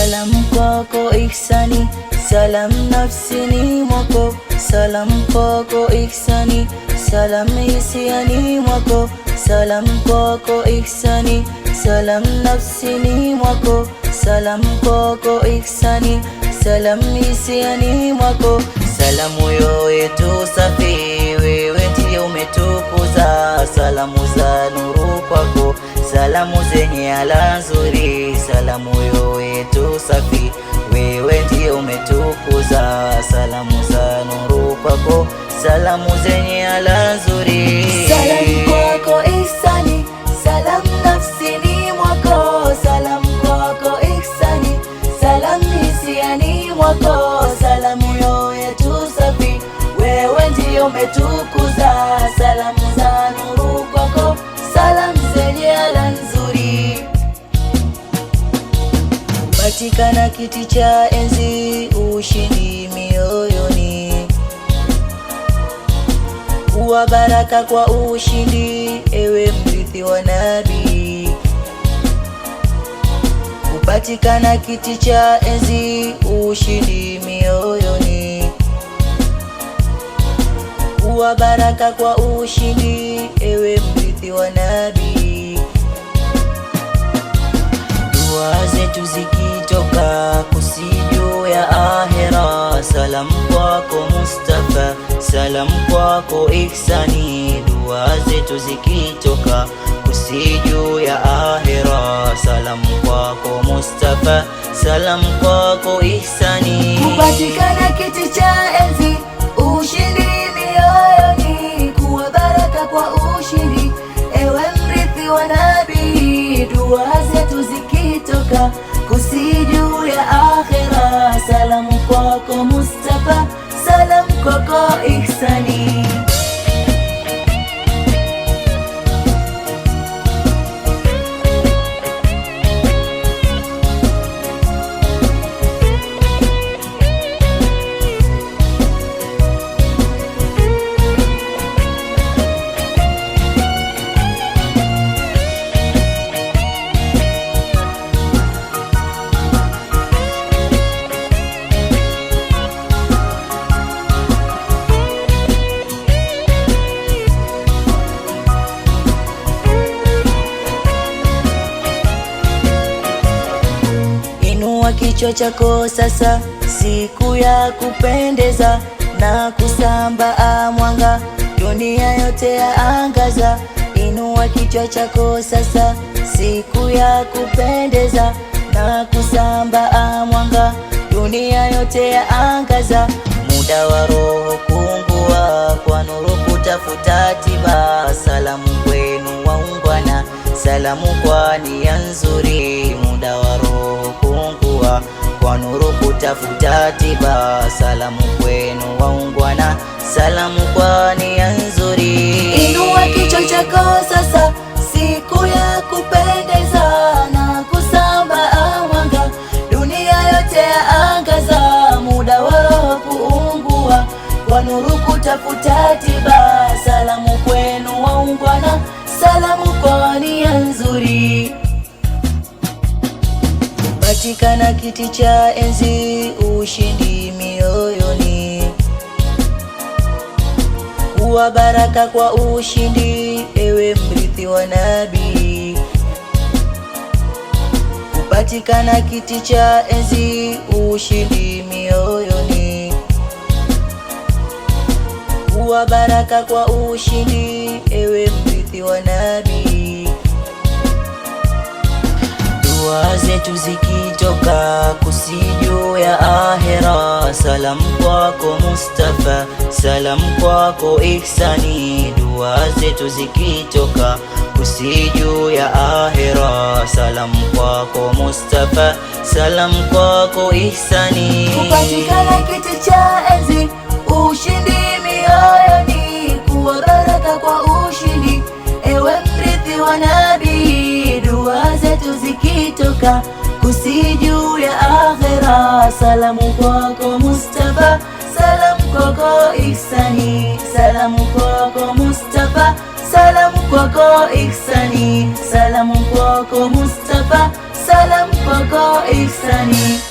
Salam kwako ihsani, salam nafsini mwako, salam kwako ihsani, salam hisiani mwako, salam kwako ihsani, salam nafsini mwako, salam kwako ihsani, salam hisiani mwako, salamu yetu safi, wewe ndiye umetukuza, salamu za nuru kwako, salamu zenye ala nzuri, salamu yetu safi, wewe ndiye umetukuza. Salamu za nuru kwako, salamu zenye ala nzuri na kiti cha enzi, ushindi mioyoni, kuwa baraka kwa ushindi, ewe mrithi wa nabii, kupatikana kiti cha enzi, ushindi mioyoni, kuwa baraka kwa ushindi Salam kwako Mustafa, salam kwako Ihsani, dua zetu zikitoka kusiju ya ahira. Salam kwako Mustafa, salam kwako Ihsani, kupatikana kiti cha enzi, ushindi mioyoni, kuwa baraka kwa ushindi, ewe mrithi wa nabii, dua zetu zikitoka it's sunny. kichwa chako sasa, siku ya kupendeza na kusamba amwanga, dunia yote ya angaza. Inua kichwa chako sasa, siku ya kupendeza na kusamba amwanga, dunia yote ya angaza. Muda wa roho kuungua kwa nuru, kutafuta tiba. Salamu kwenu waungwana, salamu kwa nia nzuri kwa nuru kutafuta tiba. Salamu kwenu waungwana, salamu kwa nia nzuri. Inua kichwa chako sasa, siku ya kupendeza na kusamba awanga, dunia yote ya angaza, muda wao kuungua kwa nuru kutafuta tiba. Salamu kwenu waungwana, salamu kwa nia katika na kiti cha enzi, ushindi mioyoni, uwa baraka kwa ushindi, ewe mrithi wa nabii. Kupatikana kiti cha enzi, ushindi mioyoni, uwa baraka kwa ushindi, ewe mrithi wa nabii. Dua zetu zikitoka kusiju ya ahera. salamu kwako Mustafa, salamu kwako Ihsani. Dua zetu zikitoka kusiju ya ahera. salamu kwako Mustafa, salamu kwako Ihsani. Kupatikana kiti cha enzi, ushindi mioyoni, kuwa baraka kwa ushindi, ewe mrithi wa nabi Afrika kusiju ya akhira. Salamu kwako Mustafa, salamu kwako Ihsani, salamu kwako Mustafa, salamu kwako Ihsani, salamu kwako Mustafa, salamu kwako Ihsani.